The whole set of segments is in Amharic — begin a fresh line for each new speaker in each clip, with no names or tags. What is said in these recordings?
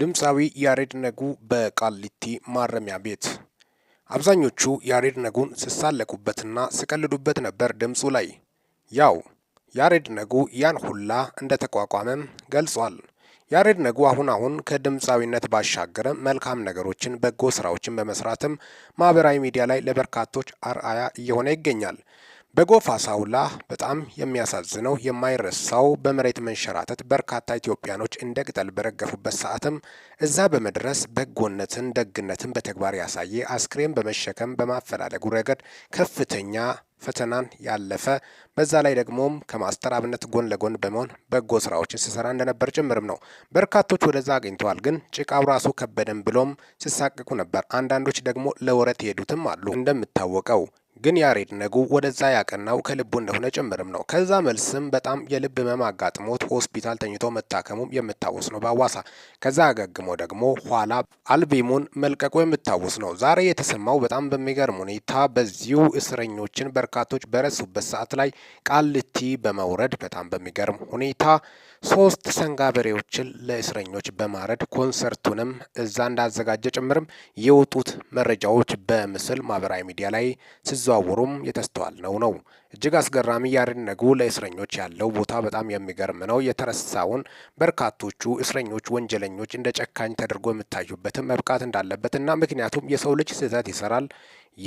ድምፃዊ ያሬድ ነጉ በቃሊቲ ማረሚያ ቤት አብዛኞቹ ያሬድ ነጉን ስሳለቁበትና ስቀልዱበት ነበር ድምፁ ላይ። ያው ያሬድ ነጉ ያን ሁላ እንደተቋቋመም ገልጿል። ያሬድ ነጉ አሁን አሁን ከድምፃዊነት ባሻገረ መልካም ነገሮችን፣ በጎ ስራዎችን በመስራትም ማህበራዊ ሚዲያ ላይ ለበርካቶች አርአያ እየሆነ ይገኛል። በጎፋ ሳውላ በጣም የሚያሳዝነው የማይረሳው በመሬት መንሸራተት በርካታ ኢትዮጵያኖች እንደ ቅጠል በረገፉበት ሰዓትም እዛ በመድረስ በጎነትን፣ ደግነትን በተግባር ያሳየ አስክሬን በመሸከም በማፈላለጉ ረገድ ከፍተኛ ፈተናን ያለፈ በዛ ላይ ደግሞም ከማስተር አብነት ጎን ለጎን በመሆን በጎ ስራዎችን ሲሰራ እንደነበር ጭምርም ነው። በርካቶች ወደዛ አግኝተዋል። ግን ጭቃው ራሱ ከበደን ብሎም ሲሳቀቁ ነበር። አንዳንዶች ደግሞ ለወረት የሄዱትም አሉ። እንደምታወቀው ግን ያሬድ ነጉ ወደዛ ያቀናው ከልቡ እንደሆነ ጭምርም ነው። ከዛ መልስም በጣም የልብ ህመም አጋጥሞት ሆስፒታል ተኝቶ መታከሙም የምታወስ ነው በአዋሳ። ከዛ አገግሞ ደግሞ ኋላ አልቤሙን መልቀቁ የምታወስ ነው። ዛሬ የተሰማው በጣም በሚገርም ሁኔታ በዚሁ እስረኞችን በርካቶች በረሱበት ሰዓት ላይ ቃልቲ በመውረድ በጣም በሚገርም ሁኔታ ሶስት ሰንጋ በሬዎችን ለእስረኞች በማረድ ኮንሰርቱንም እዛ እንዳዘጋጀ ጭምርም የወጡት መረጃዎች በምስል ማህበራዊ ሚዲያ ላይ ሲዘዋወሩም የተስተዋል ነው ነው እጅግ አስገራሚ ያደነጉ ለእስረኞች ያለው ቦታ በጣም የሚገርም ነው። የተረሳውን በርካቶቹ እስረኞች ወንጀለኞች እንደ ጨካኝ ተደርጎ የምታዩበትም መብቃት እንዳለበት እና ምክንያቱም የሰው ልጅ ስህተት ይሰራል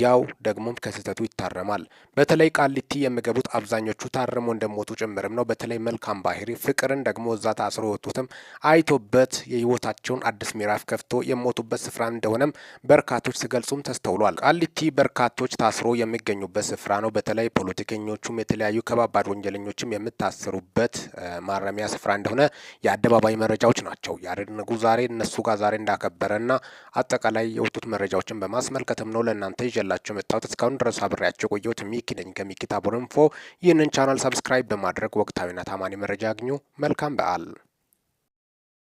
ያው ደግሞም ከስህተቱ ይታረማል። በተለይ ቃሊቲ የሚገቡት አብዛኞቹ ታርሞ እንደሞቱ ጭምርም ነው። በተለይ መልካም ባህሪ ፍቅርን ደግሞ እዛ ታስሮ የወጡትም አይቶበት የህይወታቸውን አዲስ ምዕራፍ ከፍቶ የሞቱበት ስፍራ እንደሆነም በርካቶች ሲገልጹም ተስተውሏል። ቃሊቲ በርካቶች ታስሮ የሚገኙበት ስፍራ ነው። በተለይ ፖለቲካ ጥፋተኞቹም የተለያዩ ከባባድ ወንጀለኞችም የምታሰሩበት ማረሚያ ስፍራ እንደሆነ የአደባባይ መረጃዎች ናቸው። ያሬድ ንጉ ዛሬ እነሱ ጋር ዛሬ እንዳከበረና አጠቃላይ የወጡት መረጃዎችን በማስመልከትም ነው ለእናንተ ይዤላቸው መጣሁት። እስካሁን ድረስ አብሬያቸው የቆየሁት ሚኪ ነኝ ከሚኪታ ቦረንፎ። ይህንን ቻናል ሰብስክራይብ በማድረግ ወቅታዊና ታማኒ መረጃ ያግኙ። መልካም በዓል።